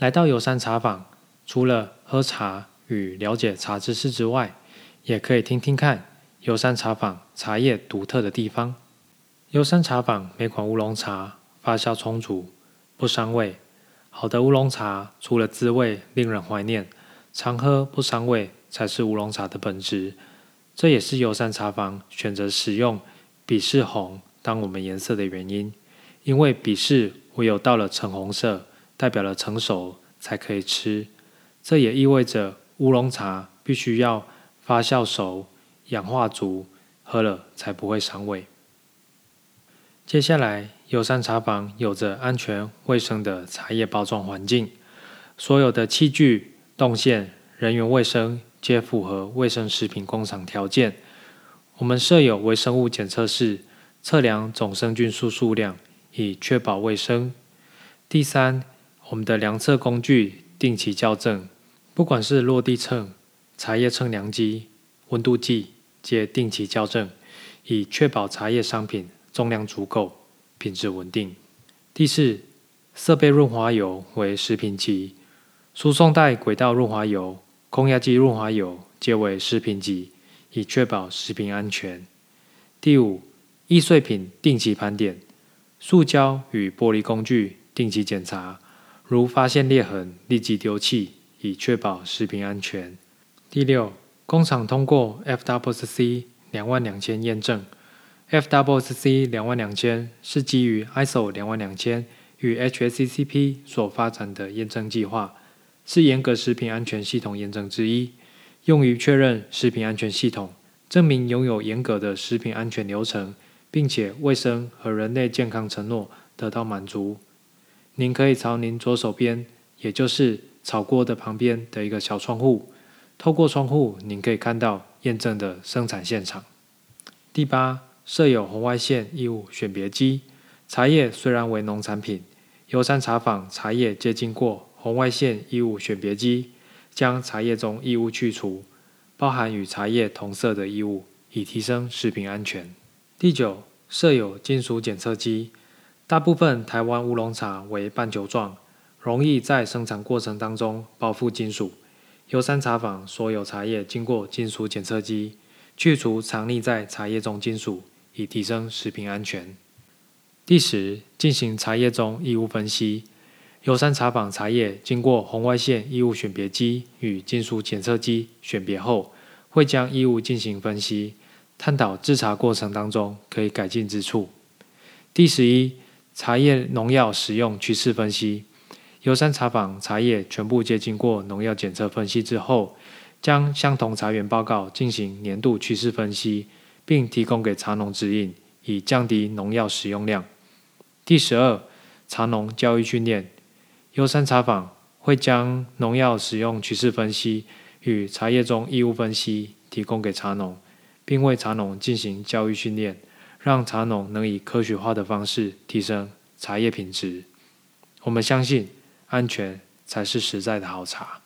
來到遊山茶訪，除了喝茶與了解茶知識之外，也可以聽聽看遊山茶訪茶葉獨特的地方。遊山茶訪每款烏龍茶發酵充足，不傷胃。好的烏龍茶除了滋味令人懷念，常喝不傷胃才是烏龍茶的本質。這也是遊山茶訪選擇使用比視紅當我們顏色的原因，因為比視唯有到了橙紅色。代表了成熟才可以吃，這也意味着烏龍茶必須要發酵熟、氧化足，喝了才不會傷胃。接下來，遊山茶訪有着安全衛生的茶葉包裝環境，所有的器具、動線、人員衛生皆符合衛生食品工廠條件。我們設有微生物檢測室，測量總生菌數數量，以確保衛生。第三。我們的量測工具定期校正，不管是落地秤、茶葉稱量機、溫度計，皆定期校正，以確保茶葉商品重量足夠、品質穩定。第四，設備潤滑油為食品級，輸送帶軌道潤滑油、空壓機潤滑油皆為食品級，以確保食品安全。第五，易碎品定期盤點，塑膠與玻璃工具定期檢查。如發現裂痕，立即丟棄，以確保食品安全。第六，工廠通過 FSSC 兩萬兩千驗證。FSSC 兩萬兩千是基於 ISO 兩萬兩千與 HACCP 所發展的驗證計劃，是嚴格食品安全系統驗證之一，用於確認食品安全系統，證明擁有嚴格的食品安全流程，並且衛生和人類健康承諾得到滿足。您可以朝您左手邊，也就是炒鍋的旁邊的一個小窗戶，透過窗戶，您可以看到驗證的生產現場。第八，設有紅外線異物選別機，茶葉雖然為農產品，遊山茶訪茶葉皆經過紅外線異物選別機，將茶葉中異物去除，包含與茶葉同色的異物，以提升食品安全。第九，設有金屬檢測機。大部分台灣烏龍茶為半球狀，容易在生產過程當中包覆金屬。遊山茶訪所有茶葉經過金屬檢測機，去除藏匿在茶葉中金屬，以提升食品安全。第十，進行茶葉中異物分析。遊山茶訪茶葉經過紅外線異物選別機與金屬檢測機選別後，會將異物進行分析，探討製茶過程當中可以改進之處。第十一。茶葉農藥使用趨勢分析，遊山茶訪茶葉全部皆經過農藥檢測分析之後，將相同茶園報告進行年度趨勢分析，並提供給茶農指引，以降低農藥使用量。第十二，茶農教育訓練，遊山茶訪會將農藥使用趨勢分析與茶葉中異物分析提供給茶農，並為茶農進行教育訓練。讓茶農能以科學化的方式提升茶葉品質。我們相信安全才是實在的好茶。